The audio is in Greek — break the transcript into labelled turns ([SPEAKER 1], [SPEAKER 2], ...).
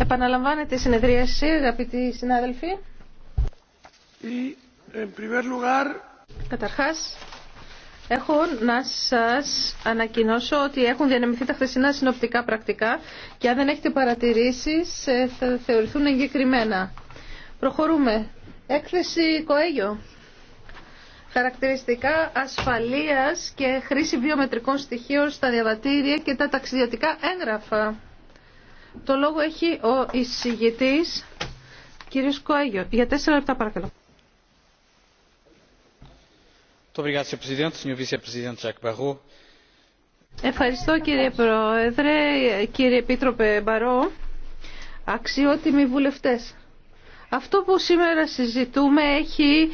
[SPEAKER 1] Επαναλαμβάνεται η συνεδρίαση, αγαπητοί συνάδελφοι. Καταρχάς, έχω να σας ανακοινώσω ότι έχουν διανεμηθεί τα χθεσινά συνοπτικά πρακτικά και αν δεν έχετε παρατηρήσεις ε, θα θεωρηθούν εγκεκριμένα. Προχωρούμε. Έκθεση Κοέγιο χαρακτηριστικά ασφαλείας και χρήση βιομετρικών στοιχείων στα διαβατήρια και τα ταξιδιωτικά έγγραφα. Το λόγο έχει ο εισηγητής, κύριος Κοέγιο. Για τέσσερα λεπτά παρακαλώ. Ευχαριστώ κύριε Πρόεδρε, κύριε Επίτροπε Μπαρό, αξιότιμοι βουλευτές. Αυτό που σήμερα συζητούμε έχει